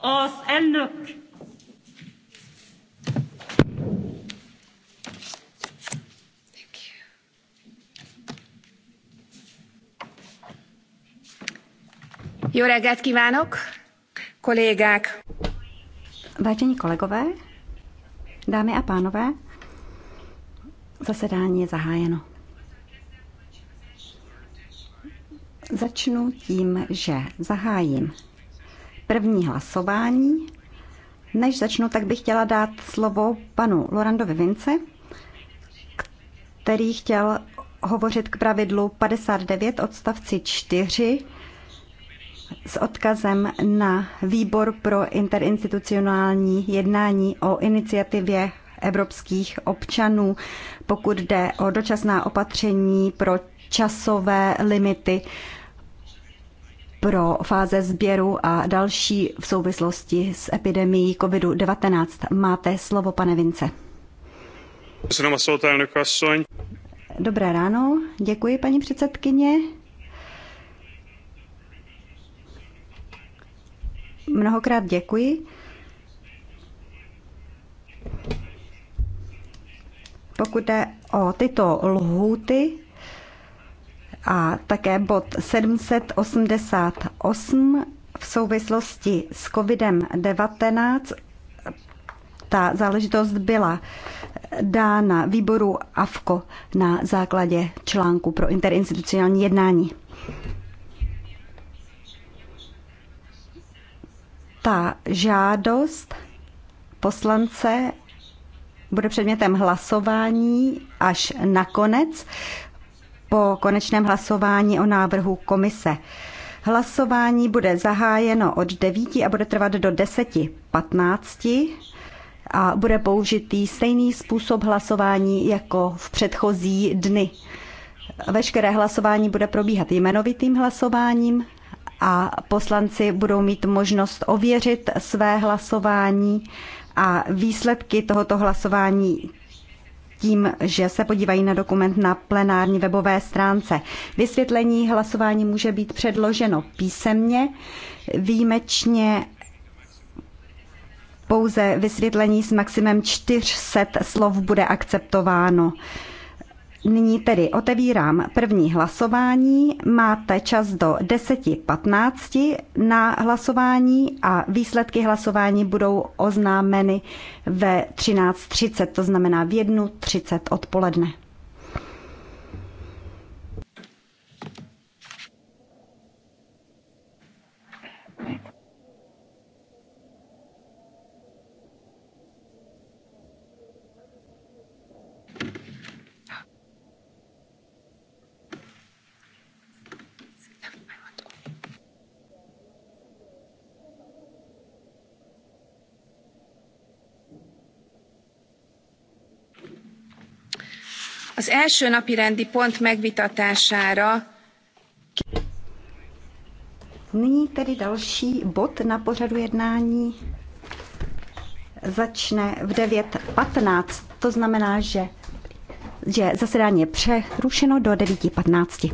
Az elnök Jó reggelt kívánok, kollégák! Vážení kolegové, dámy a pánové, zasedání je zahájeno. Začnu tím, že zahájím první hlasování. Než začnu, tak bych chtěla dát slovo panu Lorandovi Vince, který chtěl hovořit k pravidlu 59 odstavci 4 s odkazem na výbor pro interinstitucionální jednání o iniciativě evropských občanů, pokud jde o dočasná opatření pro časové limity pro fáze sběru a další v souvislosti s epidemií COVID-19. Máte slovo, pane Vince. Dobré ráno, děkuji paní předsedkyně. Mnohokrát děkuji. Pokud jde o tyto lhůty, a také bod 788 v souvislosti s COVID-19. Ta záležitost byla dána výboru AFKO na základě článku pro interinstitucionální jednání. Ta žádost poslance bude předmětem hlasování až nakonec po konečném hlasování o návrhu komise. Hlasování bude zahájeno od 9 a bude trvat do 10.15 a bude použitý stejný způsob hlasování jako v předchozí dny. Veškeré hlasování bude probíhat jmenovitým hlasováním a poslanci budou mít možnost ověřit své hlasování a výsledky tohoto hlasování tím, že se podívají na dokument na plenární webové stránce. Vysvětlení hlasování může být předloženo písemně, výjimečně pouze vysvětlení s maximem 400 slov bude akceptováno. Nyní tedy otevírám první hlasování. Máte čas do 10.15 na hlasování a výsledky hlasování budou oznámeny ve 13.30, to znamená v 1.30 odpoledne. Az első napirendi pont megvitatására Nyní tedy další bod na pořadu jednání začne v 9.15. To znamená, že, že zasedání je přerušeno do 9.15.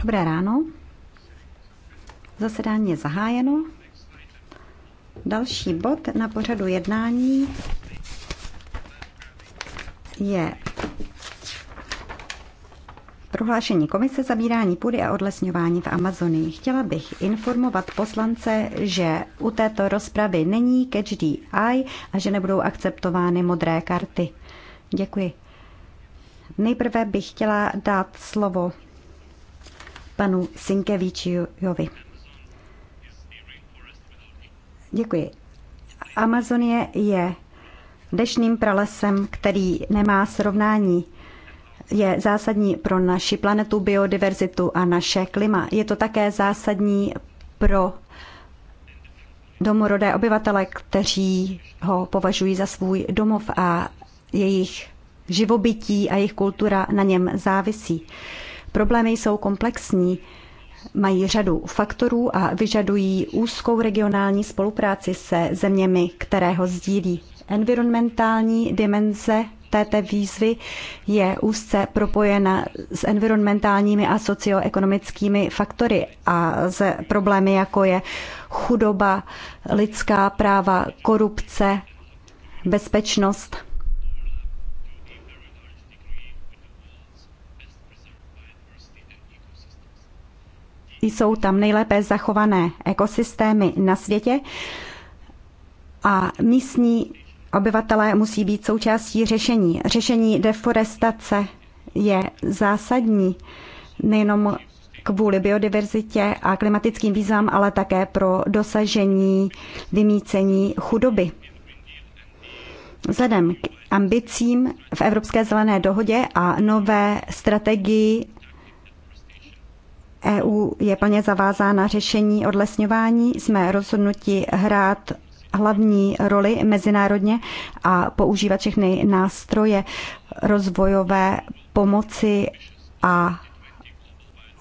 Dobré ráno. Zasedání je zahájeno. Další bod na pořadu jednání je prohlášení komise zabírání půdy a odlesňování v Amazonii. Chtěla bych informovat poslance, že u této rozpravy není catch the eye a že nebudou akceptovány modré karty. Děkuji. Nejprve bych chtěla dát slovo panu Sinkevičiovi. Děkuji. Amazonie je dešným pralesem, který nemá srovnání. Je zásadní pro naši planetu, biodiverzitu a naše klima. Je to také zásadní pro domorodé obyvatele, kteří ho považují za svůj domov a jejich živobytí a jejich kultura na něm závisí. Problémy jsou komplexní, mají řadu faktorů a vyžadují úzkou regionální spolupráci se zeměmi, které ho sdílí. Environmentální dimenze této výzvy je úzce propojena s environmentálními a socioekonomickými faktory a s problémy, jako je chudoba, lidská práva, korupce, bezpečnost – jsou tam nejlépe zachované ekosystémy na světě a místní obyvatelé musí být součástí řešení. Řešení deforestace je zásadní nejenom kvůli biodiverzitě a klimatickým výzvám, ale také pro dosažení vymícení chudoby. Vzhledem k ambicím v Evropské zelené dohodě a nové strategii EU je plně zavázána řešení odlesňování. Jsme rozhodnuti hrát hlavní roli mezinárodně a používat všechny nástroje rozvojové pomoci a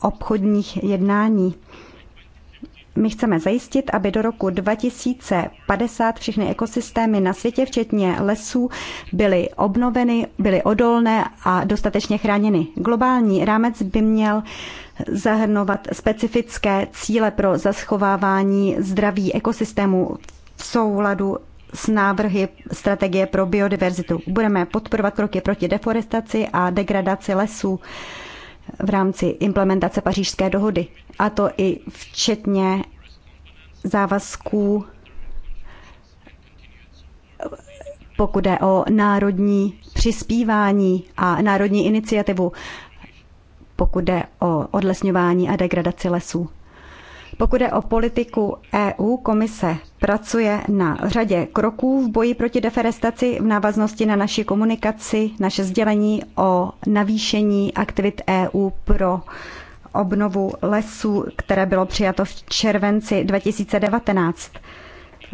obchodních jednání. My chceme zajistit, aby do roku 2050 všechny ekosystémy na světě, včetně lesů, byly obnoveny, byly odolné a dostatečně chráněny. Globální rámec by měl zahrnovat specifické cíle pro zaschovávání zdraví ekosystému v souladu s návrhy strategie pro biodiverzitu. Budeme podporovat kroky proti deforestaci a degradaci lesů v rámci implementace pařížské dohody. A to i včetně závazků, pokud je o národní přispívání a národní iniciativu, pokud je o odlesňování a degradaci lesů. Pokud je o politiku EU, komise pracuje na řadě kroků v boji proti deforestaci v návaznosti na naši komunikaci, naše sdělení o navýšení aktivit EU pro obnovu lesů, které bylo přijato v červenci 2019.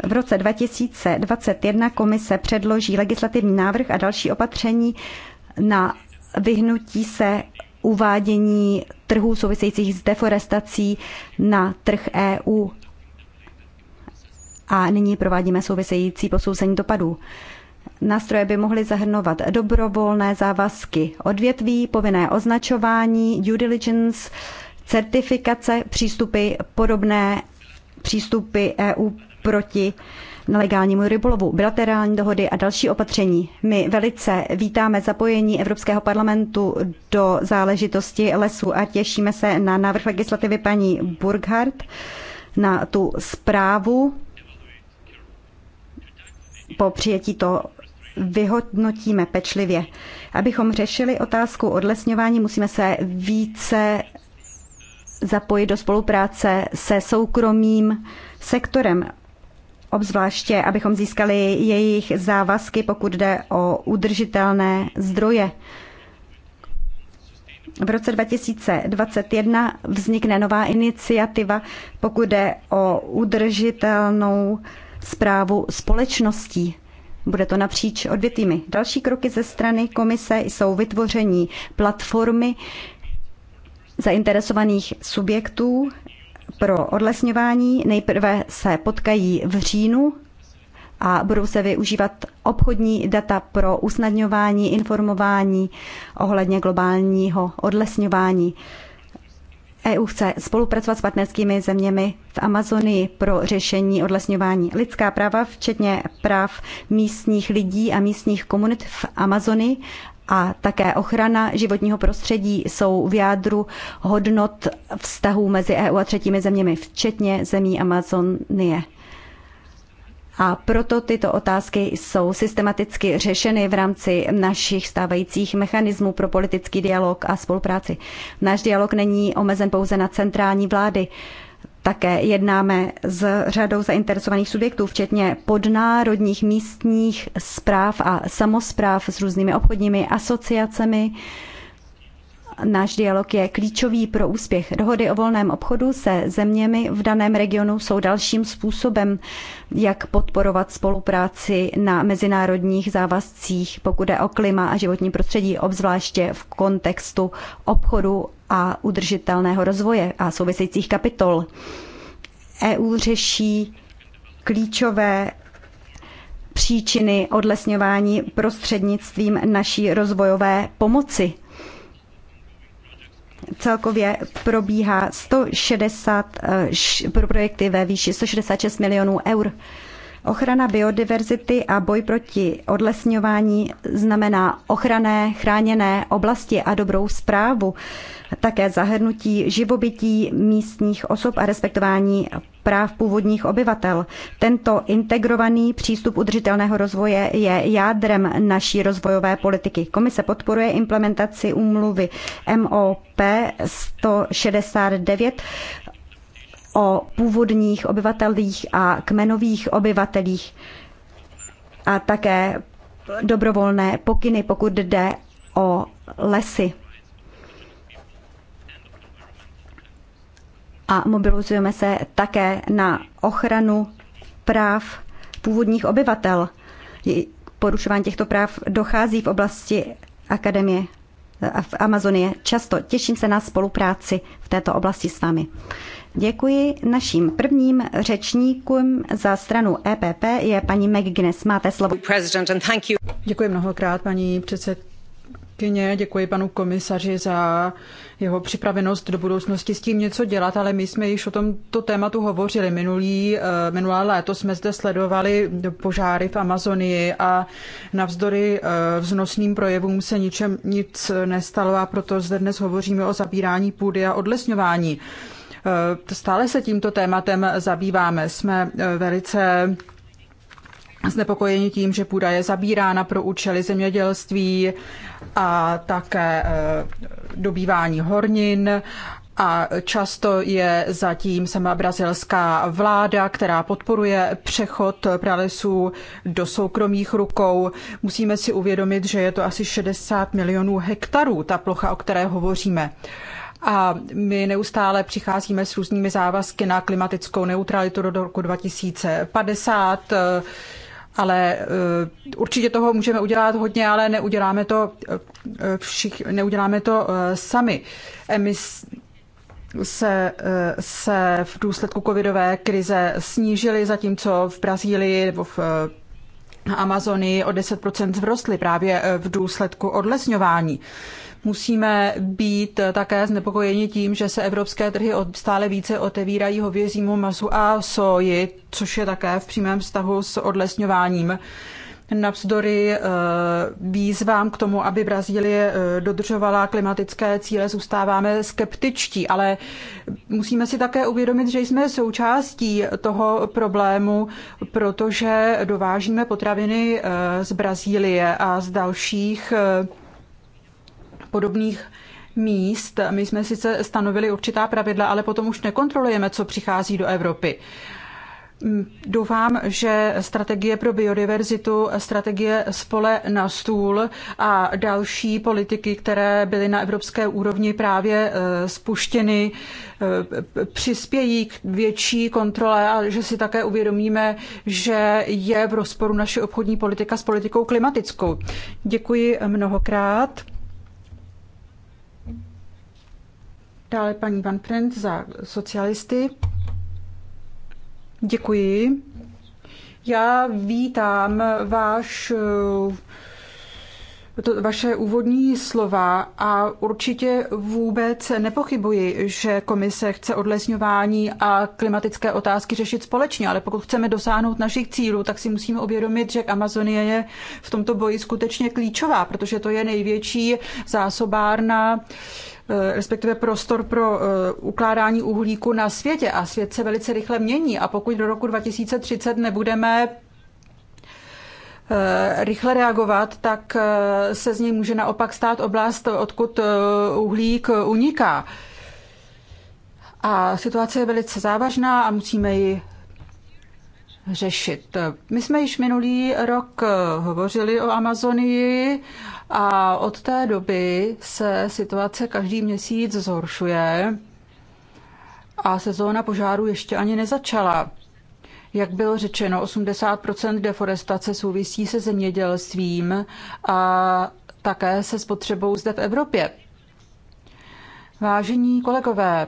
V roce 2021 komise předloží legislativní návrh a další opatření na vyhnutí se uvádění trhů souvisejících s deforestací na trh EU. A nyní provádíme související posouzení dopadů. Nástroje by mohly zahrnovat dobrovolné závazky odvětví, povinné označování, due diligence, certifikace, přístupy podobné přístupy EU proti uh, nelegálnímu rybolovu, bilaterální dohody a další opatření. My velice vítáme zapojení Evropského parlamentu do záležitosti lesu a těšíme se na návrh legislativy paní Burghardt, na tu zprávu. Po přijetí to vyhodnotíme pečlivě. Abychom řešili otázku odlesňování, musíme se více zapojit do spolupráce se soukromým sektorem obzvláště abychom získali jejich závazky, pokud jde o udržitelné zdroje. V roce 2021 vznikne nová iniciativa, pokud jde o udržitelnou zprávu společností. Bude to napříč odvětými. Další kroky ze strany komise jsou vytvoření platformy zainteresovaných subjektů, pro odlesňování. Nejprve se potkají v říjnu a budou se využívat obchodní data pro usnadňování informování ohledně globálního odlesňování. EU chce spolupracovat s partnerskými zeměmi v Amazonii pro řešení odlesňování lidská práva, včetně práv místních lidí a místních komunit v Amazonii a také ochrana životního prostředí jsou v jádru hodnot vztahů mezi EU a třetími zeměmi, včetně zemí Amazonie. A proto tyto otázky jsou systematicky řešeny v rámci našich stávajících mechanismů pro politický dialog a spolupráci. Náš dialog není omezen pouze na centrální vlády. Také jednáme s řadou zainteresovaných subjektů, včetně podnárodních místních zpráv a samozpráv s různými obchodními asociacemi. Náš dialog je klíčový pro úspěch. Dohody o volném obchodu se zeměmi v daném regionu jsou dalším způsobem, jak podporovat spolupráci na mezinárodních závazcích, pokud jde o klima a životní prostředí, obzvláště v kontextu obchodu a udržitelného rozvoje a souvisejících kapitol. EU řeší klíčové příčiny odlesňování prostřednictvím naší rozvojové pomoci. Celkově probíhá 160 eh, pro projekty ve výši 166 milionů eur. Ochrana biodiverzity a boj proti odlesňování znamená ochrané, chráněné oblasti a dobrou zprávu, také zahrnutí živobytí místních osob a respektování práv původních obyvatel. Tento integrovaný přístup udržitelného rozvoje je jádrem naší rozvojové politiky. Komise podporuje implementaci úmluvy MOP 169 o původních obyvatelích a kmenových obyvatelích a také dobrovolné pokyny, pokud jde o lesy. A mobilizujeme se také na ochranu práv původních obyvatel. Porušování těchto práv dochází v oblasti akademie v Amazonie často. Těším se na spolupráci v této oblasti s vámi. Děkuji. Naším prvním řečníkům za stranu EPP je paní McGuinness. Máte slovo. Děkuji mnohokrát, paní předsedkyně předsedkyně, děkuji panu komisaři za jeho připravenost do budoucnosti s tím něco dělat, ale my jsme již o tomto tématu hovořili. Minulý, eh, minulé léto jsme zde sledovali požáry v Amazonii a navzdory eh, vznosným projevům se ničem nic nestalo a proto zde dnes hovoříme o zabírání půdy a odlesňování. Eh, stále se tímto tématem zabýváme. Jsme velice znepokojeni tím, že půda je zabírána pro účely zemědělství a také eh, dobývání hornin a často je zatím sama brazilská vláda, která podporuje přechod pralesů do soukromých rukou. Musíme si uvědomit, že je to asi 60 milionů hektarů, ta plocha, o které hovoříme. A my neustále přicházíme s různými závazky na klimatickou neutralitu do roku 2050 ale eh, určitě toho můžeme udělat hodně, ale neuděláme to, eh, všich, neuděláme to eh, sami. Emis, se, se v důsledku covidové krize snížily, zatímco v Brazílii nebo v Amazonii o 10% vzrostly právě v důsledku odlesňování. Musíme být také znepokojeni tím, že se evropské trhy stále více otevírají hovězímu masu a soji, což je také v přímém vztahu s odlesňováním navzdory eh, výzvám k tomu, aby Brazílie eh, dodržovala klimatické cíle, zůstáváme skeptičtí, ale musíme si také uvědomit, že jsme součástí toho problému, protože dovážíme potraviny eh, z Brazílie a z dalších podobných míst. My jsme sice stanovili určitá pravidla, ale potom už nekontrolujeme, co přichází do Evropy. Doufám, že strategie pro biodiverzitu, strategie spole na stůl a další politiky, které byly na evropské úrovni právě eh, spuštěny, eh, přispějí k větší kontrole a že si také uvědomíme, že je v rozporu naše obchodní politika s politikou klimatickou. Děkuji mnohokrát. Dále paní Van Prent za socialisty. Děkuji. Já vítám váš to, vaše úvodní slova a určitě vůbec nepochybuji, že komise chce odlesňování a klimatické otázky řešit společně, ale pokud chceme dosáhnout našich cílů, tak si musíme uvědomit, že Amazonie je v tomto boji skutečně klíčová, protože to je největší zásobárna Eh, respektive prostor pro eh, ukládání uhlíku na světě a svět se velice rychle mění a pokud do roku 2030 nebudeme eh, rychle reagovat, tak se z něj může naopak stát oblast, odkud uhlík uniká. A situace je velice závažná a musíme ji řešit. My jsme již minulý rok hovořili o Amazonii a od té doby se situace každý měsíc zhoršuje a sezóna požáru ještě ani nezačala. Jak bylo řečeno, 80 deforestace souvisí se zemědělstvím a také se spotřebou zde v Evropě. Vážení kolegové,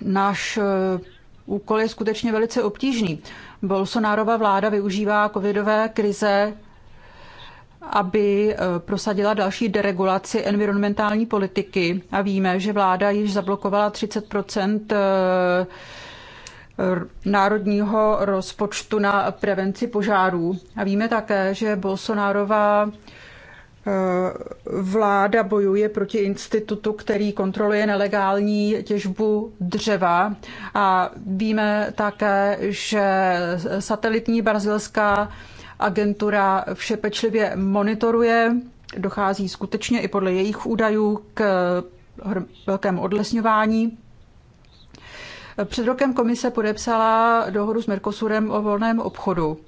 náš eh, úkol je skutečně velice obtížný. Bolsonárova vláda využívá covidové krize aby eh, prosadila další deregulaci environmentální politiky. A víme, že vláda již zablokovala 30 eh, národního rozpočtu na prevenci požárů. A víme také, že Bolsonárová eh, vláda bojuje proti institutu, který kontroluje nelegální těžbu dřeva. A víme také, že satelitní brazilská agentura vše pečlivě monitoruje. Dochází skutečně i podle jejich údajů k velkému odlesňování. Před rokem komise podepsala dohodu s Mercosurem o volném obchodu.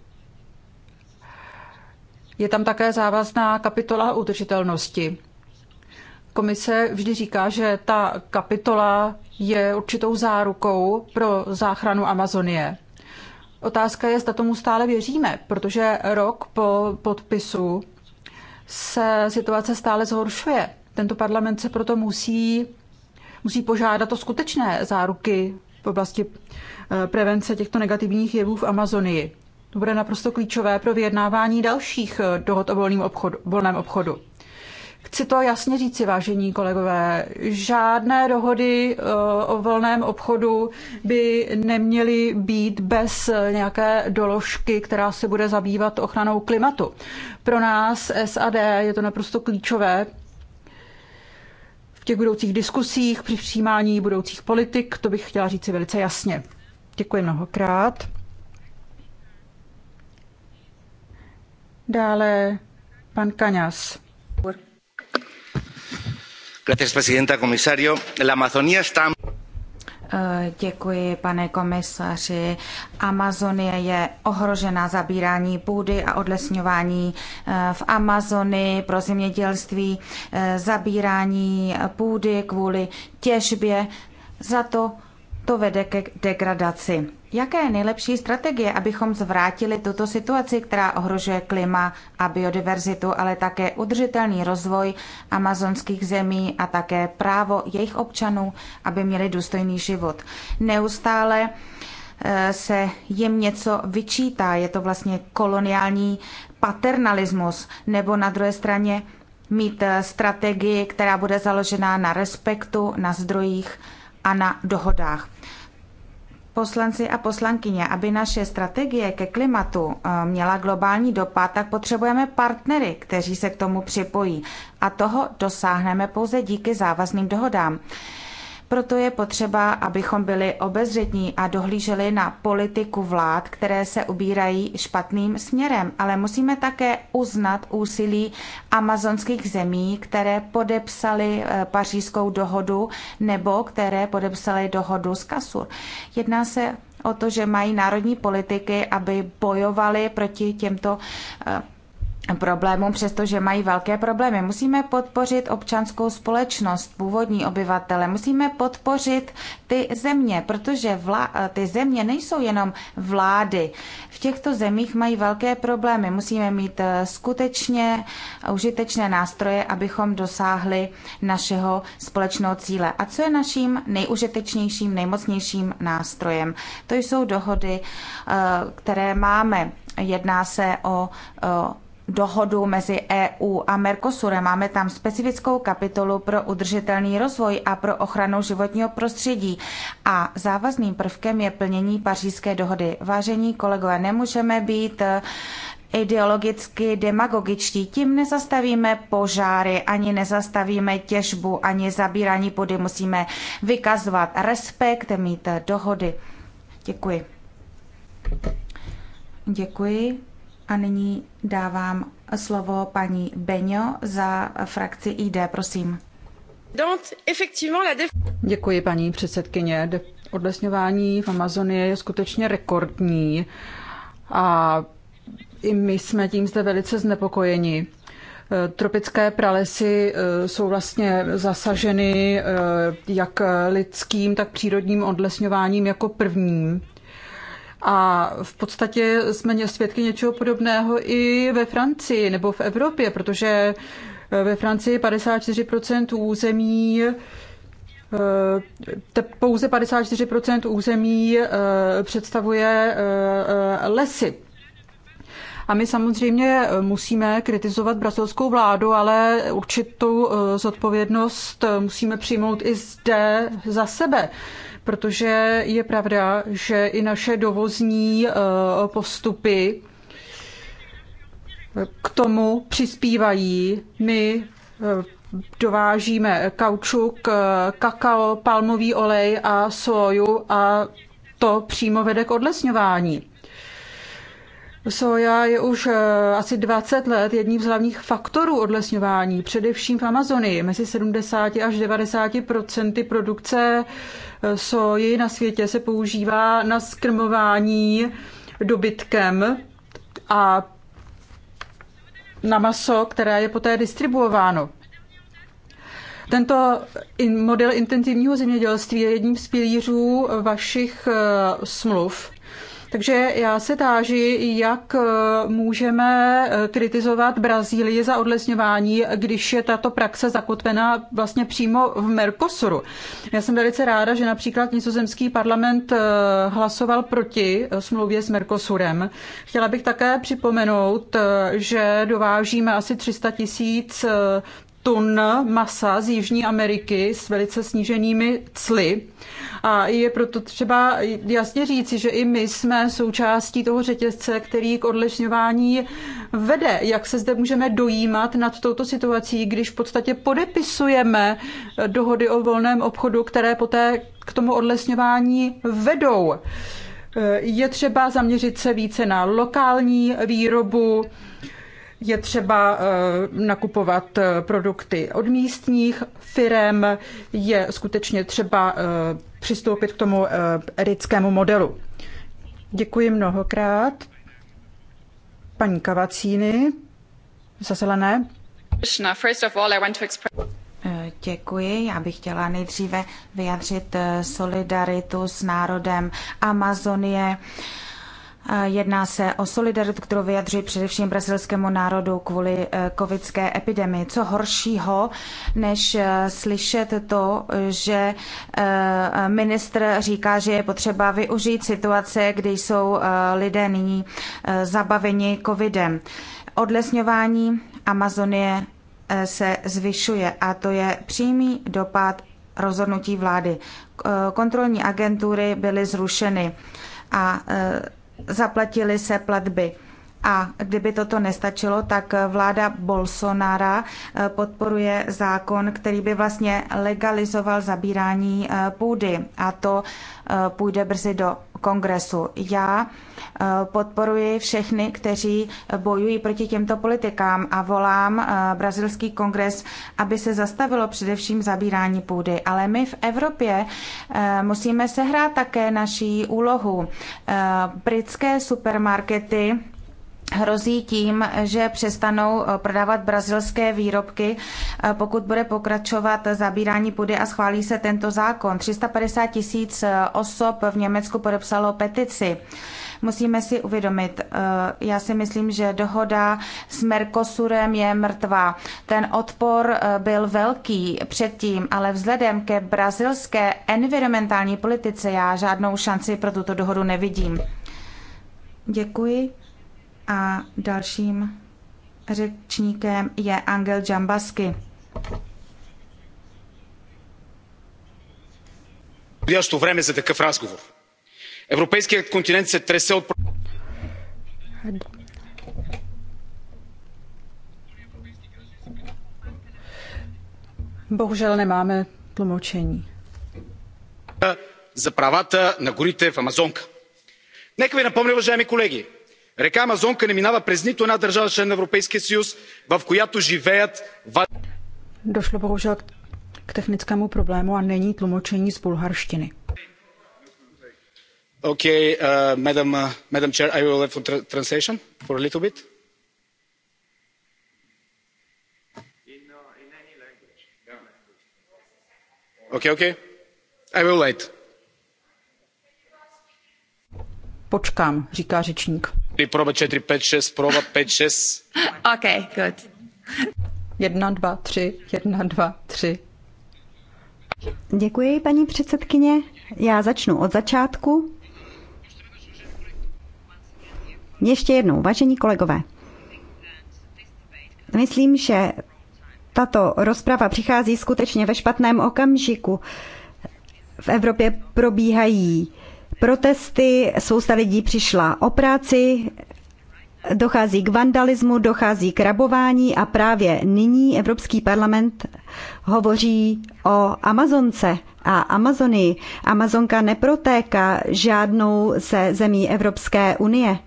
Je tam také závazná kapitola udržitelnosti. Komise vždy říká, že ta kapitola je určitou zárukou pro záchranu Amazonie. Otázka je, zda tomu stále věříme, protože rok po podpisu se situace stále zhoršuje. Tento parlament se proto musí, musí požádat o skutečné záruky v oblasti eh, prevence těchto negativních jevů v Amazonii. To bude naprosto klíčové pro vyjednávání dalších eh, dohod o volném obchodu. Volném obchodu. Chci to jasně říci, vážení kolegové, žádné dohody eh, o volném obchodu by neměly být bez nějaké doložky, která se bude zabývat ochranou klimatu. Pro nás SAD je to naprosto klíčové, v těch budoucích diskusích, při přijímání budoucích politik, to bych chtěla říci velice jasně. Děkuji mnohokrát. Dále pan Kaňas. Paní presidenta, komisario. La está... Eh, děkuji, pane komisaři. Amazonie je ohrožena zabírání půdy a odlesňování eh, v Amazonii pro zemědělství, eh, zabírání půdy kvůli těžbě. Za to to vede ke degradaci Jaká je nejlepší strategie, abychom zvrátili tuto situaci, která ohrožuje klima a biodiverzitu, ale také udržitelný rozvoj amazonských zemí a také právo jejich občanů, aby měli důstojný život? Neustále eh, se jim něco vyčítá, je to vlastně koloniální paternalismus, nebo na druhé straně mít eh, strategii, která bude založená na respektu, na zdrojích a na dohodách poslanci a poslankyně, aby naše strategie ke klimatu eh, měla globální dopad, tak potřebujeme partnery, kteří se k tomu připojí. A toho dosáhneme pouze díky závazným dohodám. Proto je potřeba, abychom byli obezřetní a dohlíželi na politiku vlád, které se ubírají špatným směrem, ale musíme také uznat úsilí amazonských zemí, které podepsaly eh, pařížskou dohodu nebo které podepsaly dohodu z Kasur. Jedná se o to, že mají národní politiky, aby bojovali proti těmto eh, problémům, přestože mají velké problémy. Musíme podpořit občanskou společnost, původní obyvatele, musíme podpořit ty země, protože vla, ty země nejsou jenom vlády. V těchto zemích mají velké problémy. Musíme mít eh, skutečně užitečné nástroje, abychom dosáhli našeho společného cíle. A co je naším nejužitečnějším, nejmocnějším nástrojem? To jsou dohody, eh, které máme. Jedná se o, o dohodu mezi EU a Mercosurem. Máme tam specifickou kapitolu pro udržitelný rozvoj a pro ochranu životního prostředí. A závazným prvkem je plnění pařížské dohody. Vážení kolegové, nemůžeme být eh, ideologicky demagogičtí. Tím nezastavíme požáry, ani nezastavíme těžbu, ani zabírání půdy. Musíme vykazovat respekt, mít dohody. Děkuji. Děkuji. A nyní dávám slovo paní Beňo za frakci ID, prosím. Děkuji, paní předsedkyně. Odlesňování v Amazonie je skutečně rekordní a i my jsme tím zde velice znepokojeni. E, tropické pralesy e, jsou vlastně zasaženy e, jak lidským, tak přírodním odlesňováním jako prvním. A v podstatě jsme svědky něčeho podobného i ve Francii nebo v Evropě, protože eh, ve Francii 54% území eh, pouze 54% území eh, představuje lesy. A my samozřejmě musíme kritizovat brazilskou vládu, ale určitou zodpovědnost musíme přijmout i zde za sebe protože je pravda, že i naše dovozní eh, postupy k tomu přispívají. My eh, dovážíme kaučuk, eh, kakao, palmový olej a soju a to přímo vede k odlesňování. Soja je už asi 20 let jedním z hlavních faktorů odlesňování, především v Amazonii. Mezi 70 až 90 procenty produkce soji na světě se používá na skrmování dobytkem a na maso, které je poté distribuováno. Tento model intenzivního zemědělství je jedním z pilířů vašich eh, smluv takže já se táži, jak eh, můžeme eh, kritizovat Brazílii za odlesňování, když je tato praxe zakotvená vlastně přímo v Mercosuru. Já jsem velice ráda, že například nizozemský parlament eh, hlasoval proti smlouvě s Mercosurem. Chtěla bych také připomenout, že dovážíme asi 300 tisíc tun masa z Jižní Ameriky s velice sníženými cly. A je proto třeba jasně říci, že i my jsme součástí toho řetězce, který k odlesňování vede. Jak se zde můžeme dojímat nad touto situací, když v podstatě podepisujeme dohody o volném obchodu, které poté k tomu odlesňování vedou. Je třeba zaměřit se více na lokální výrobu, je třeba eh, nakupovat eh, produkty od místních firem, je skutečně třeba eh, přistoupit k tomu erickému modelu. Děkuji mnohokrát. Paní Kavacíny, zaselené. Děkuji. Já bych chtěla nejdříve vyjadřit solidaritu s národem Amazonie Jedná se o solidaritu, kterou vyjadřují především brazilskému národu kvůli eh, covidské epidemii. Co horšího, než eh, slyšet to, že eh, ministr říká, že je potřeba využít situace, kdy jsou lidé nyní zabaveni covidem. Odlesňování Amazonie se zvyšuje a to je přímý dopad rozhodnutí vlády. Kontrolní agentury byly zrušeny a zaplatily se platby. A kdyby toto nestačilo, tak vláda Bolsonara eh, podporuje zákon, který by vlastně legalizoval zabírání eh, půdy. A to eh, půjde brzy do kongresu. Já podporuji všechny, kteří bojují proti těmto politikám a volám brazilský kongres, aby se zastavilo především zabírání půdy. Ale my v Evropě musíme sehrát také naší úlohu. Britské supermarkety hrozí tím, že přestanou eh, prodávat brazilské výrobky, eh, pokud bude pokračovat zabírání půdy a schválí se tento zákon. 350 tisíc eh, osob v Německu podepsalo petici. Musíme si uvědomit, já si myslím, že dohoda s Mercosurem je mrtvá. Ten odpor byl velký předtím, ale vzhledem ke brazilské environmentální politice já žádnou šanci pro tuto dohodu nevidím. Děkuji a dalším řečníkem je Angel Jambasky. Přijášto vreme za takový rozhovor. Evropský kontinent se trese od... Bohužel nemáme tlumočení. За правата на горите в Амазонка. Нека ви напомня, уважаеми колеги, река амазонка не минава през нито една държава член на европейския съюз в която живеят Došlo bohužel k technickému problému a není tlumočení z bulharštiny. Okay, uh, madam, uh, madam chair, I will have for tra- translation for a little bit. In, uh, in any language. Yeah. Okay, okay. I will wait. Počkám, říká řečník. Ty proba 4, 5, 6, proba 5, 6. OK, good. 1, 2, 3, 1, 2, 3. Děkuji, paní předsedkyně. Já začnu od začátku. Ještě jednou, vážení kolegové. Myslím, že tato rozprava přichází skutečně ve špatném okamžiku. V Evropě probíhají protesty, spousta lidí přišla o práci, dochází k vandalismu, dochází k rabování a právě nyní Evropský parlament hovoří o Amazonce a Amazonii. Amazonka neprotéká žádnou ze zemí Evropské unie.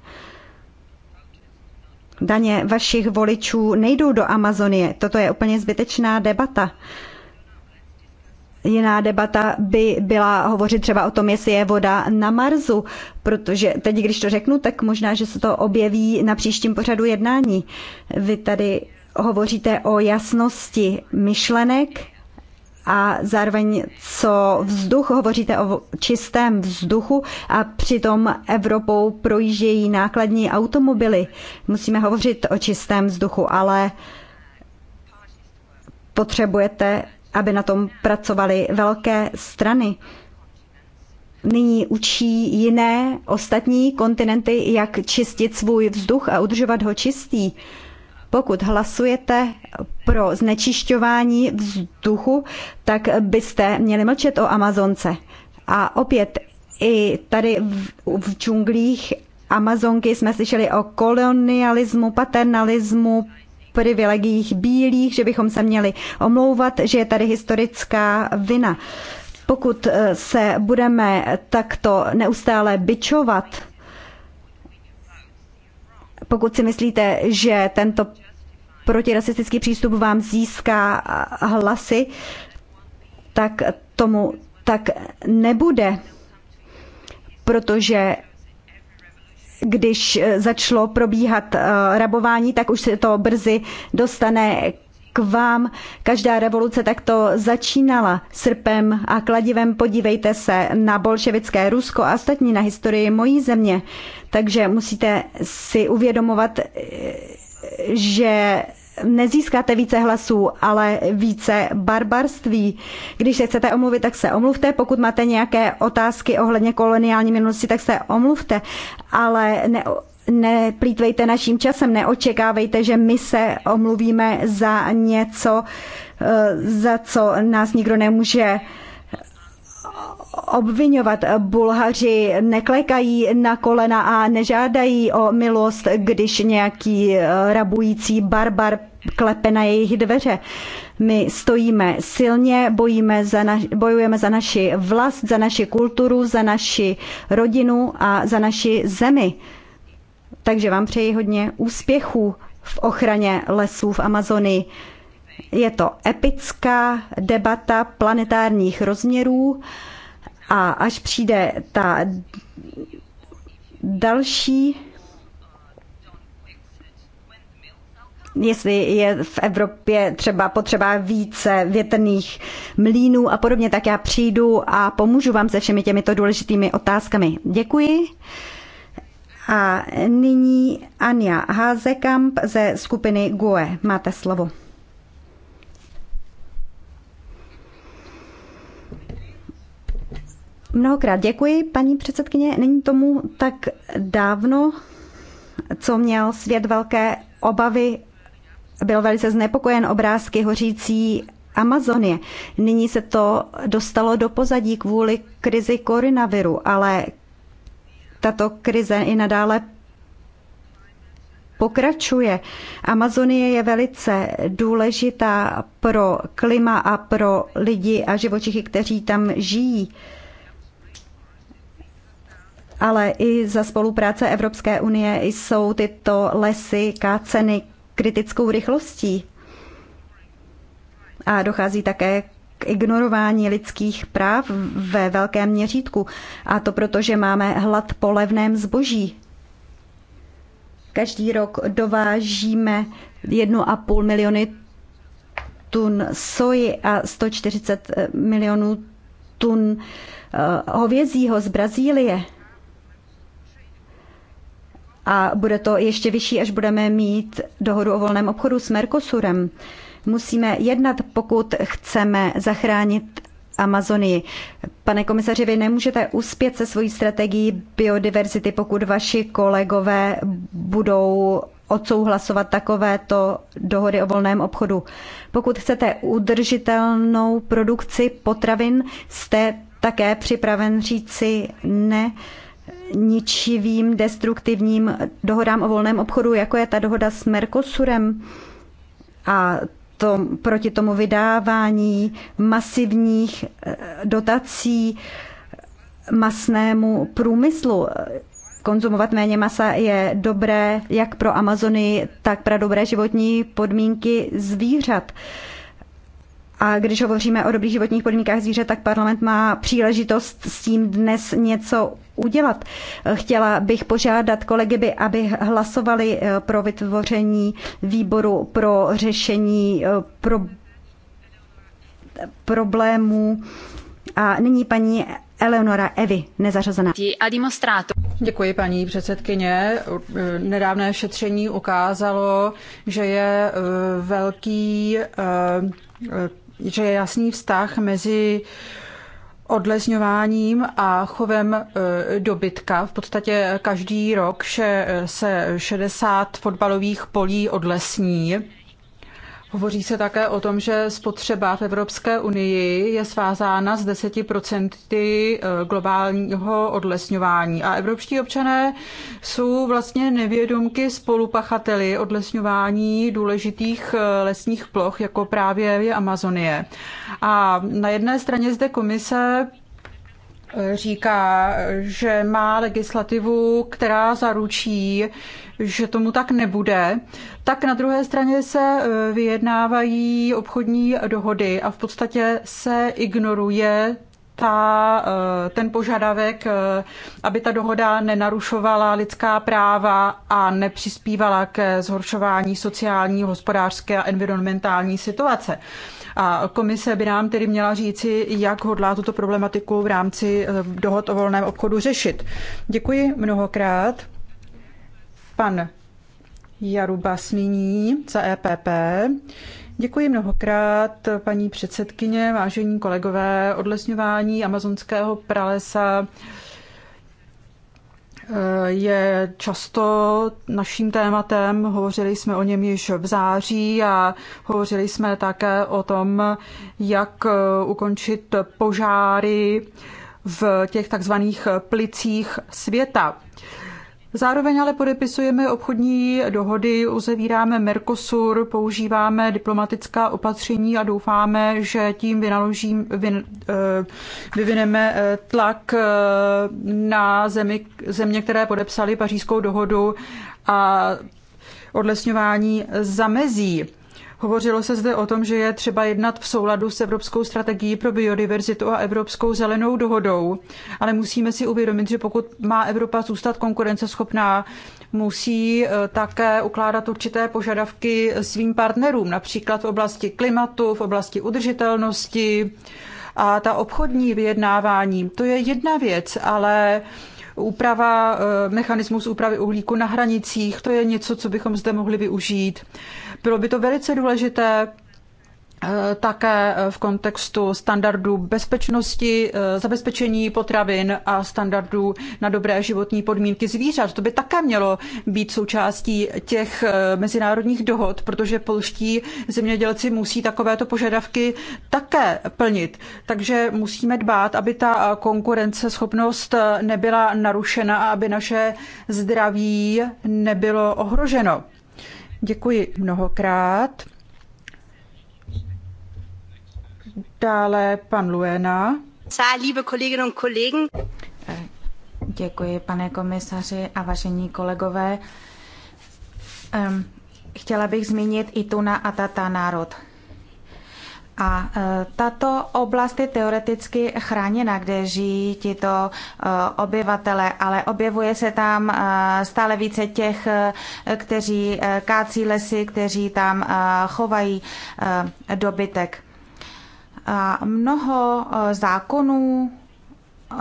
Daně vašich voličů nejdou do Amazonie. Toto je úplně zbytečná debata. Jiná debata by byla hovořit třeba o tom, jestli je voda na Marsu, protože teď, když to řeknu, tak možná, že se to objeví na příštím pořadu jednání. Vy tady hovoříte o jasnosti myšlenek a zároveň co vzduch, hovoříte o čistém vzduchu a přitom Evropou projíždějí nákladní automobily. Musíme hovořit o čistém vzduchu, ale potřebujete aby na tom pracovaly velké strany. Nyní učí jiné ostatní kontinenty, jak čistit svůj vzduch a udržovat ho čistý. Pokud hlasujete pro znečišťování vzduchu, tak byste měli mlčet o Amazonce. A opět i tady v, v džunglích Amazonky jsme slyšeli o kolonialismu, paternalismu, privilegiích bílých, že bychom se měli omlouvat, že je tady historická vina. Pokud eh, se budeme takto neustále byčovat, pokud si myslíte, že tento protirasistický přístup vám získá eh, hlasy, tak tomu tak nebude, protože když eh, začalo probíhat eh, rabování, tak už se to brzy dostane k vám. Každá revoluce takto začínala srpem a kladivem. Podívejte se na bolševické Rusko a ostatní na historii mojí země. Takže musíte si uvědomovat, eh, že nezískáte více hlasů, ale více barbarství. Když se chcete omluvit, tak se omluvte. Pokud máte nějaké otázky ohledně koloniální minulosti, tak se omluvte. Ale ne, neplýtvejte naším časem, neočekávejte, že my se omluvíme za něco, eh, za co nás nikdo nemůže obvinovat. Bulhaři neklekají na kolena a nežádají o milost, když nějaký eh, rabující barbar klepe na jejich dveře. My stojíme silně, bojíme za na, bojujeme za naši vlast, za naši kulturu, za naši rodinu a za naši zemi. Takže vám přeji hodně úspěchů v ochraně lesů v Amazonii. Je to epická debata planetárních rozměrů. A až přijde ta další jestli je v Evropě třeba potřeba více větrných mlínů a podobně, tak já přijdu a pomůžu vám se všemi těmito důležitými otázkami. Děkuji. A nyní Anja Házekamp ze skupiny GUE. Máte slovo. Mnohokrát děkuji, paní předsedkyně. Není tomu tak dávno, co měl svět velké obavy, byl velice znepokojen obrázky hořící Amazonie. Nyní se to dostalo do pozadí kvůli krizi koronaviru, ale tato krize i nadále pokračuje. Amazonie je velice důležitá pro klima a pro lidi a živočichy, kteří tam žijí ale i za spolupráce Evropské unie jsou tyto lesy káceny kritickou rychlostí. A dochází také k ignorování lidských práv ve velkém měřítku. A to proto, že máme hlad po levném zboží. Každý rok dovážíme 1,5 miliony tun soji a 140 milionů tun eh, hovězího z Brazílie a bude to ještě vyšší, až budeme mít dohodu o volném obchodu s Mercosurem. Musíme jednat, pokud chceme zachránit Amazonii. Pane komisaři, vy nemůžete uspět se svojí strategií biodiverzity, pokud vaši kolegové budou odsouhlasovat takovéto dohody o volném obchodu. Pokud chcete udržitelnou produkci potravin, jste také připraven říci ne ničivým, destruktivním dohodám o volném obchodu, jako je ta dohoda s Mercosurem a to, proti tomu vydávání masivních eh, dotací masnému průmyslu. Konzumovat méně masa je dobré jak pro Amazony, tak pro dobré životní podmínky zvířat. Uh, a když hovoříme o dobrých životních podmínkách zvířat, tak parlament má příležitost s tím dnes něco udělat. Chtěla bych požádat kolegy, aby hlasovali eh, pro vytvoření výboru pro řešení eh, pro problémů. A nyní paní Eleonora Evi, nezařazená. Děkuji, paní předsedkyně. Eh, nedávné šetření ukázalo, že je velký že je jasný vztah mezi odlesňováním a chovem e, dobytka. V podstatě každý rok e, se 60 fotbalových polí odlesní Hovoří se také o tom, že spotřeba v Evropské unii je svázána deseti 10% eh, globálního odlesňování. A evropští občané jsou vlastně nevědomky spolupachateli odlesňování důležitých eh, lesních ploch, jako právě je Amazonie. A na jedné straně zde komise říká, že má legislativu, která zaručí, že tomu tak nebude, tak na druhé straně se eh, vyjednávají obchodní dohody a v podstatě se ignoruje ta, eh, ten požadavek, eh, aby ta dohoda nenarušovala lidská práva a nepřispívala ke zhoršování sociální, hospodářské a environmentální situace. A komise by nám tedy měla říci, jak hodlá tuto problematiku v rámci eh, dohod o volném obchodu řešit. Děkuji mnohokrát. Pan Jarubas nyní za EPP. Děkuji mnohokrát, paní předsedkyně, vážení kolegové, odlesňování amazonského pralesa je často naším tématem. Hovořili jsme o něm již v září a hovořili jsme také o tom, jak ukončit požáry v těch takzvaných plicích světa. Zároveň ale podepisujeme obchodní dohody, uzavíráme Mercosur, používáme diplomatická opatření a doufáme, že tím vynaložím, vyn, eh, vyvineme eh, tlak eh, na zemi, země, které podepsaly pařížskou dohodu a odlesňování zamezí. Hovořilo se zde o tom, že je třeba jednat v souladu s Evropskou strategií pro biodiverzitu a Evropskou zelenou dohodou, ale musíme si uvědomit, že pokud má Evropa zůstat konkurenceschopná, musí eh, také ukládat určité požadavky svým partnerům, například v oblasti klimatu, v oblasti udržitelnosti. A ta obchodní vyjednávání, to je jedna věc, ale úprava, eh, mechanismus úpravy uhlíku na hranicích, to je něco, co bychom zde mohli využít. Bylo by to velice důležité Eh, také eh, v kontextu standardů bezpečnosti, eh, zabezpečení potravin a standardů na dobré životní podmínky zvířat. To by také mělo být součástí těch mezinárodních dohod, protože polští zemědělci musí takovéto požadavky také plnit. Takže musíme dbát, aby ta konkurenceschopnost nebyla narušena a aby naše zdraví nebylo ohroženo. Děkuji mnohokrát. Dále pan Luena. liebe Kolleginnen und Kollegen. Děkuji, pane komisaři a vážení kolegové. chtěla bych zmínit i Tuna a Tata národ. A e, tato oblast je teoreticky chráněna, kde žijí tito e, obyvatele, ale objevuje se tam e, stále více těch, kteří kácí lesy, kteří tam chovají dobytek. Mnoho eh, zákonů eh,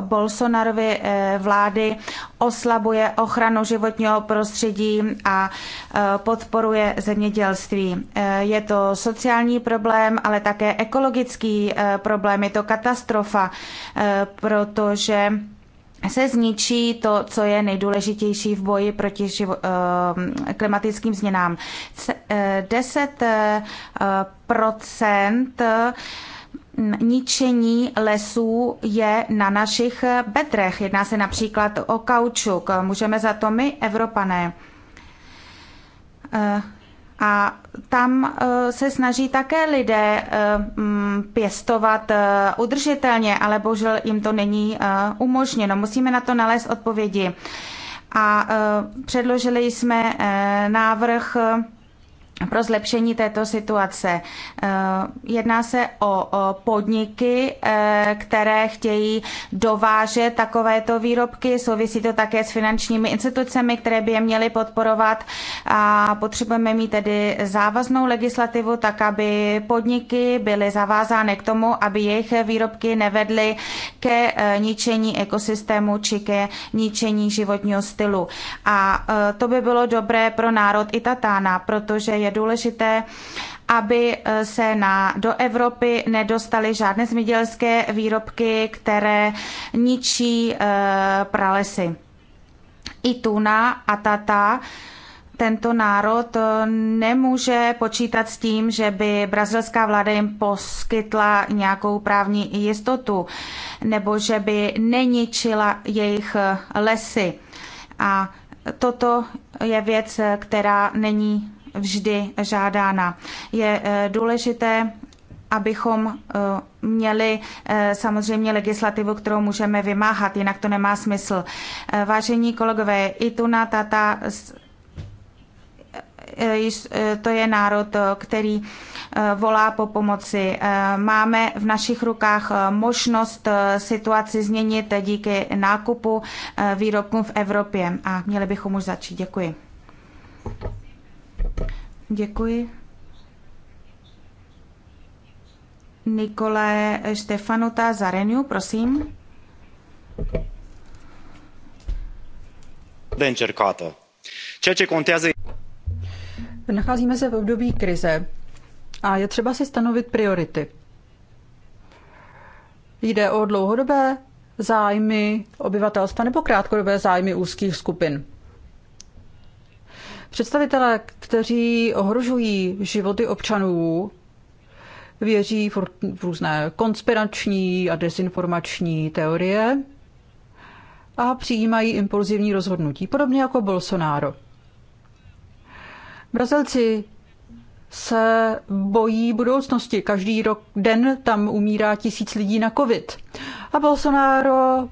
Bolsonarovy eh, vlády oslabuje ochranu životního prostředí a podporuje zemědělství. Je to sociální problém, ale také ekologický problém. Je to katastrofa, protože se zničí to, co je nejdůležitější v boji proti živo- ehm, klimatickým změnám. 10 eh, eh, procent ničení lesů je na našich bedrech. Jedná se například o kaučuk. Můžeme za to my, Evropané. Eh, a tam eh, se snaží také lidé eh, mm, pěstovat eh, udržitelně, ale bohužel jim to není umožněno. Musíme na to nalézt odpovědi. A předložili jsme návrh pro zlepšení této situace. Eh, jedná se o podniky, eh, které chtějí dovážet takovéto výrobky. Souvisí to také s finančními institucemi, které by je měly podporovat. A potřebujeme mít tedy závaznou legislativu, tak aby podniky byly zavázány k tomu, aby jejich výrobky nevedly ke eh, ničení ekosystému či ke ničení životního stylu. A to by bylo dobré pro národ i Tatána, protože je je důležité, aby eh, se na, do Evropy nedostaly žádné zemědělské výrobky, které ničí e, pralesy. I tuna a tata tento národ eh, nemůže počítat s tím, že by brazilská vláda jim poskytla nějakou právní jistotu nebo že by neničila jejich lesy. A toto je věc, která není vždy žádána. Je eh, důležité, abychom eh, měli eh, samozřejmě legislativu, kterou můžeme vymáhat, jinak to nemá smysl. Vážení kolegové, i tu na tata to je národ, který volá po pomoci. Máme v našich rukách možnost situaci změnit díky nákupu výrobků v Evropě a měli bychom už začít. Děkuji. Děkuji. Nikole Štefanuta Zareniu, prosím. De încercată. Ceea ce contează... E- Nacházíme se v období krize a je třeba si stanovit priority. Jde o dlouhodobé zájmy obyvatelstva nebo krátkodobé zájmy úzkých skupin. Představitelé, kteří ohrožují životy občanů, věří v různé konspirační a dezinformační teorie a přijímají impulzivní rozhodnutí, podobně jako Bolsonaro. Brazilci se bojí budoucnosti. Každý rok den tam umírá tisíc lidí na covid. A Bolsonaro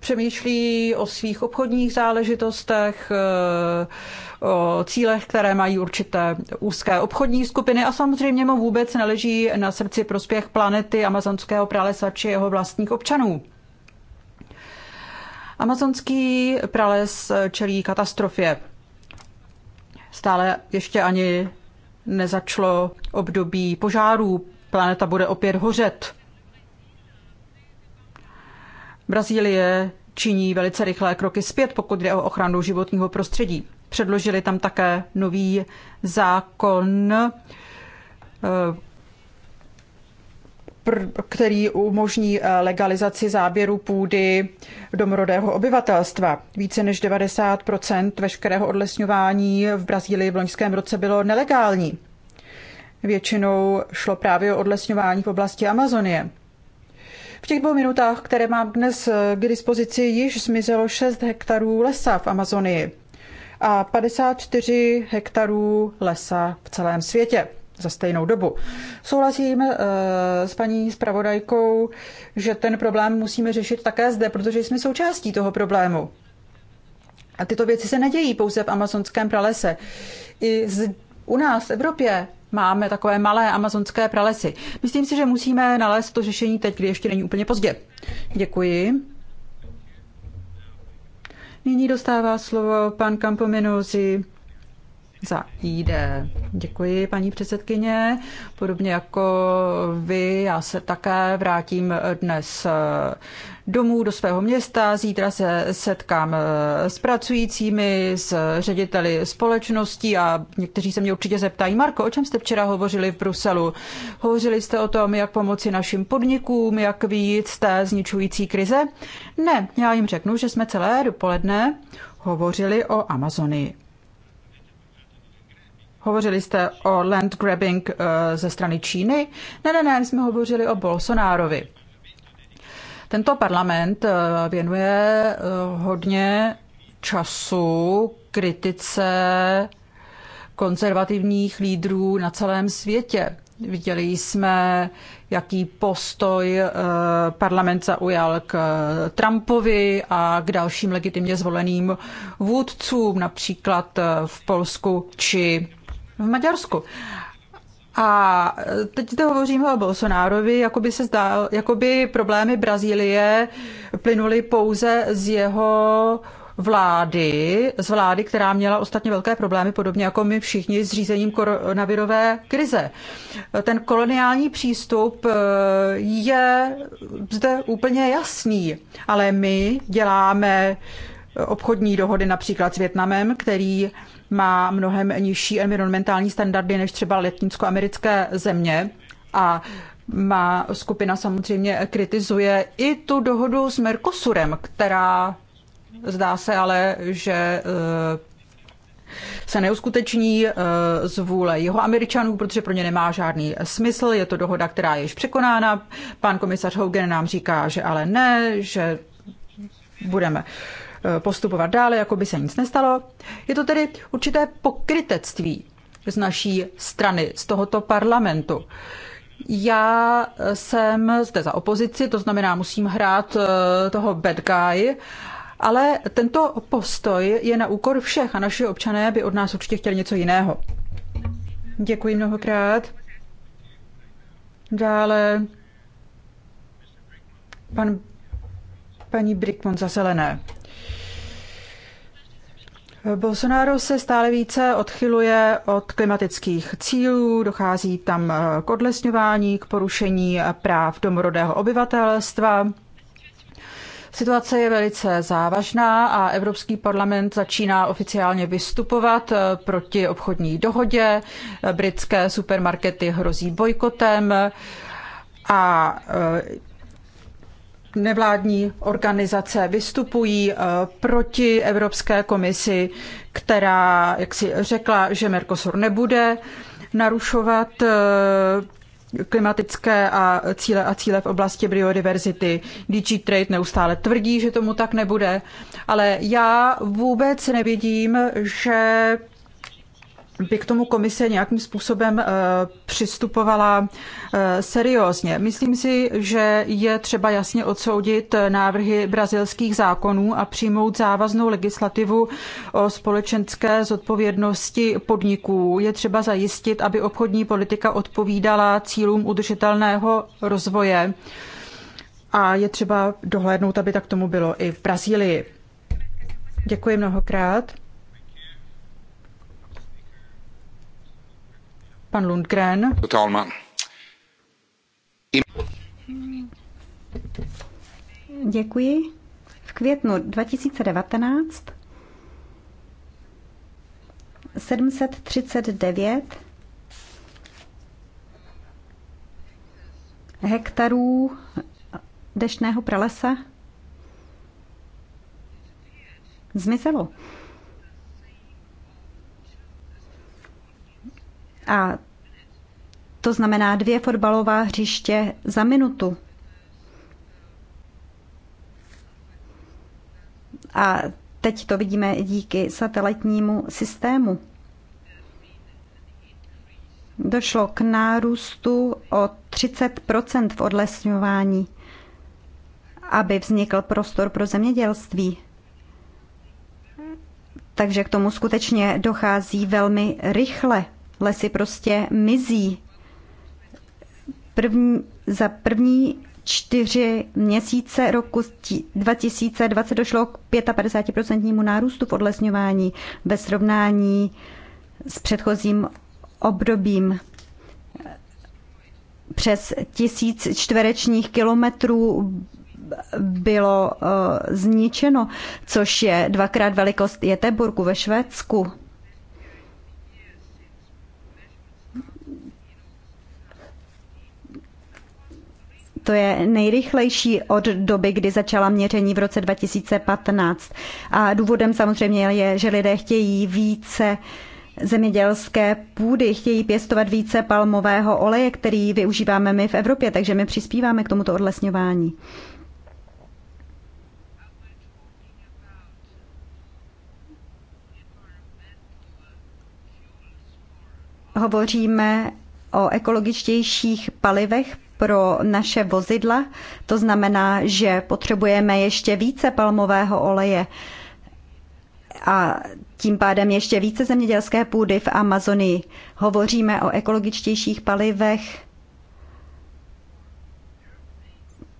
přemýšlí o svých obchodních záležitostech, eh, o cílech, které mají určité úzké obchodní skupiny a samozřejmě mu vůbec neleží na srdci prospěch planety amazonského pralesa či jeho vlastních občanů. Amazonský prales čelí katastrofě. Stále ještě ani nezačlo období požárů. Planeta bude opět hořet. Brazílie činí velice rychlé kroky zpět, pokud jde o ochranu životního prostředí. Předložili tam také nový zákon, eh, který umožní eh, legalizaci záběru půdy domorodého obyvatelstva. Více než 90 veškerého odlesňování v Brazílii v loňském roce bylo nelegální. Většinou šlo právě o odlesňování v oblasti Amazonie. V těch dvou minutách, které mám dnes eh, k dispozici, již zmizelo 6 hektarů lesa v Amazonii a 54 hektarů lesa v celém světě za stejnou dobu. Souhlasím eh, s paní zpravodajkou, že ten problém musíme řešit také zde, protože jsme součástí toho problému. A tyto věci se nedějí pouze v amazonském pralese. I z, u nás v Evropě máme takové malé amazonské pralesy. Myslím si, že musíme nalézt to řešení teď, kdy ještě není úplně pozdě. Děkuji. Nyní dostává slovo pan Campominosi za ID. Děkuji, paní předsedkyně. Podobně jako vy, já se také vrátím dnes domů do svého města. Zítra se setkám eh, s pracujícími, s řediteli společností a někteří se mě určitě zeptají, Marko, o čem jste včera hovořili v Bruselu? Hovořili jste o tom, jak pomoci našim podnikům, jak víc z té zničující krize? Ne, já jim řeknu, že jsme celé dopoledne hovořili o Amazonii. Hovořili jste o land grabbing eh, ze strany Číny? Ne, ne, ne, jsme hovořili o Bolsonárovi. Tento parlament eh, věnuje eh, hodně času kritice konzervativních lídrů na celém světě. Viděli jsme, jaký postoj eh, parlament zaujal k Trumpovi a k dalším legitimně zvoleným vůdcům, například v Polsku či v Maďarsku. A teď to hovoříme o Bolsonárovi, jako by se zdál, jako by problémy Brazílie plynuly pouze z jeho vlády, z vlády, která měla ostatně velké problémy, podobně jako my všichni s řízením koronavirové krize. Ten koloniální přístup eh, je zde úplně jasný, ale my děláme obchodní dohody například s Větnamem, který má mnohem nižší environmentální standardy než třeba americké země a má skupina samozřejmě kritizuje i tu dohodu s Mercosurem, která zdá se ale, že eh, se neuskuteční eh, z vůle jeho američanů, protože pro ně nemá žádný smysl. Je to dohoda, která je již překonána. Pan komisař Hogan nám říká, že ale ne, že budeme Eh, postupovat dále, jako by se nic nestalo. Je to tedy určité pokrytectví z naší strany, z tohoto parlamentu. Já jsem zde za opozici, to znamená, musím hrát eh, toho bad guy, ale tento postoj je na úkor všech a naši občané by od nás určitě chtěli něco jiného. Děkuji mnohokrát. Dále pan, paní Brickmont za zelené. Bolsonaro se stále více odchyluje od klimatických cílů, dochází tam eh, k odlesňování, k porušení eh, práv domorodého obyvatelstva. Situace je velice závažná a Evropský parlament začíná oficiálně vystupovat eh, proti obchodní dohodě. Britské supermarkety hrozí bojkotem a nevládní organizace vystupují eh, proti Evropské komisi, která, jak si řekla, že Mercosur nebude narušovat eh, klimatické a cíle a cíle v oblasti biodiverzity. DG Trade neustále tvrdí, že tomu tak nebude, ale já vůbec nevidím, že by k tomu komise nějakým způsobem eh, přistupovala eh, seriózně. Myslím si, že je třeba jasně odsoudit návrhy brazilských zákonů a přijmout závaznou legislativu o společenské zodpovědnosti podniků. Je třeba zajistit, aby obchodní politika odpovídala cílům udržitelného rozvoje a je třeba dohlédnout, aby tak tomu bylo i v Brazílii. Děkuji mnohokrát. Pan Lundgren. Děkuji. V květnu 2019 739 hektarů deštného pralesa zmizelo. A to znamená dvě fotbalová hřiště za minutu. A teď to vidíme díky satelitnímu systému. Došlo k nárůstu o 30 v odlesňování, aby vznikl prostor pro zemědělství. Takže k tomu skutečně dochází velmi rychle Lesy prostě mizí. První, za první čtyři měsíce roku 2020 došlo k 55% nárůstu v odlesňování ve srovnání s předchozím obdobím. Přes tisíc čtverečních kilometrů bylo eh, zničeno, což je dvakrát velikost Jeteburku ve Švédsku. To je nejrychlejší od doby, kdy začala měření v roce 2015. A důvodem samozřejmě je, že lidé chtějí více zemědělské půdy, chtějí pěstovat více palmového oleje, který využíváme my v Evropě, takže my přispíváme k tomuto odlesňování. Hovoříme o ekologičtějších palivech pro naše vozidla. To znamená, že potřebujeme ještě více palmového oleje a tím pádem ještě více zemědělské půdy v Amazonii. Hovoříme o ekologičtějších palivech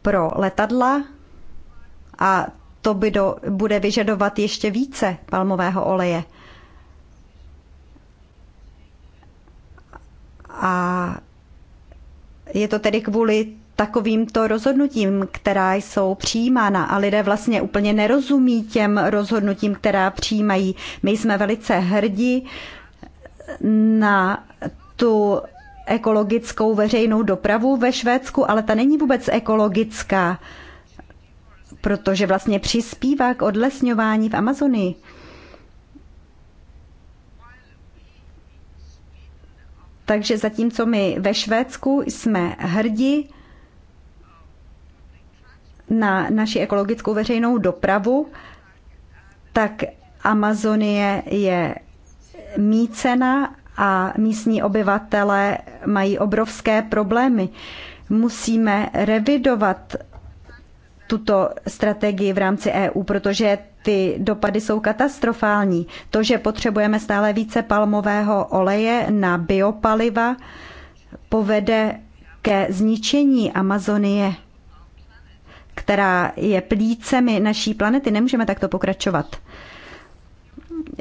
pro letadla a to by do, bude vyžadovat ještě více palmového oleje. A je to tedy kvůli takovýmto rozhodnutím, která jsou přijímána a lidé vlastně úplně nerozumí těm rozhodnutím, která přijímají. My jsme velice hrdí na tu ekologickou veřejnou dopravu ve Švédsku, ale ta není vůbec ekologická, protože vlastně přispívá k odlesňování v Amazonii. Takže zatímco my ve Švédsku jsme hrdi na naši ekologickou veřejnou dopravu, tak Amazonie je mícena a místní obyvatele mají obrovské problémy. Musíme revidovat tuto strategii v rámci EU, protože ty dopady jsou katastrofální. To, že potřebujeme stále více palmového oleje na biopaliva, povede ke zničení Amazonie, která je plícemi naší planety. Nemůžeme takto pokračovat.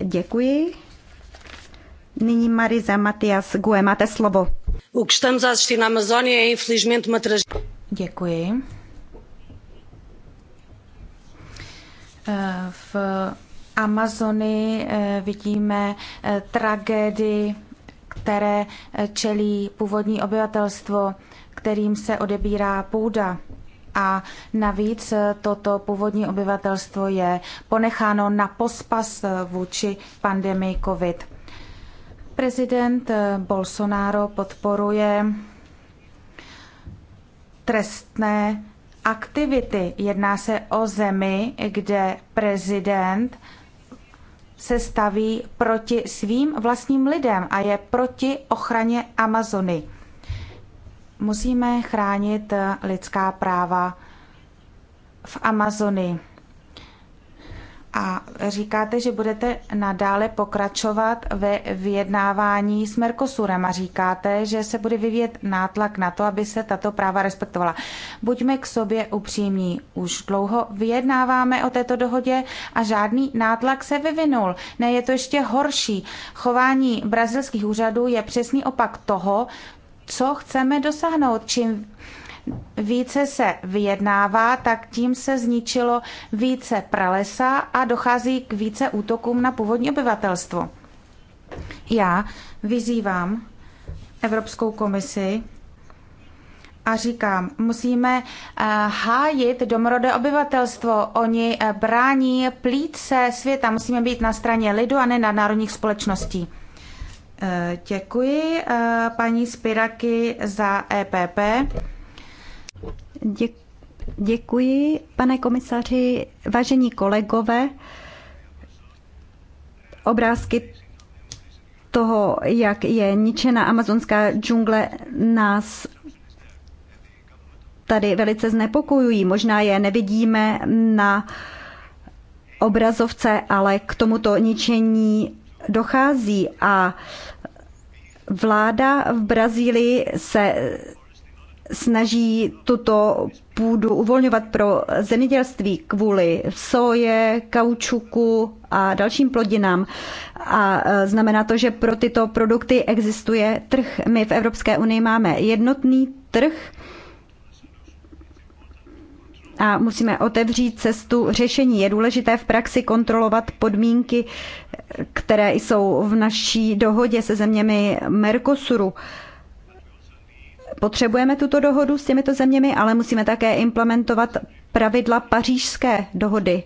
Děkuji. Nyní Marisa Matias Gue, máte slovo. na Děkuji. V Amazony eh, vidíme eh, tragédii, které eh, čelí původní obyvatelstvo, kterým se odebírá půda. A navíc toto původní obyvatelstvo je ponecháno na pospas vůči pandemii COVID. Prezident Bolsonaro podporuje trestné aktivity. Jedná se o zemi, kde prezident se staví proti svým vlastním lidem a je proti ochraně Amazony. Musíme chránit lidská práva v Amazonii. A říkáte, že budete nadále pokračovat ve vyjednávání s Mercosurem a říkáte, že se bude vyvíjet nátlak na to, aby se tato práva respektovala. Buďme k sobě upřímní. Už dlouho vyjednáváme o této dohodě a žádný nátlak se vyvinul. Ne, je to ještě horší. Chování brazilských úřadů je přesný opak toho, co chceme dosáhnout. Čím více se vyjednává, tak tím se zničilo více pralesa a dochází k více útokům na původní obyvatelstvo. Já vyzývám Evropskou komisi a říkám, musíme eh, hájit domorodé obyvatelstvo. Oni eh, brání plíce světa. Musíme být na straně lidu a ne na národních společností. Eh, děkuji paní Spiraky za EPP. Děkuji. pane komisaři. Vážení kolegové, obrázky toho, jak je ničena amazonská džungle, nás tady velice znepokojují. Možná je nevidíme na obrazovce, ale k tomuto ničení dochází a vláda v Brazílii se snaží tuto půdu uvolňovat pro zemědělství kvůli soje, kaučuku a dalším plodinám. A e, znamená to, že pro tyto produkty existuje trh. My v Evropské unii máme jednotný trh a musíme otevřít cestu řešení. Je důležité v praxi kontrolovat podmínky, které jsou v naší dohodě se zeměmi Mercosuru. Potřebujeme tuto dohodu s těmito zeměmi, ale musíme také implementovat pravidla pařížské dohody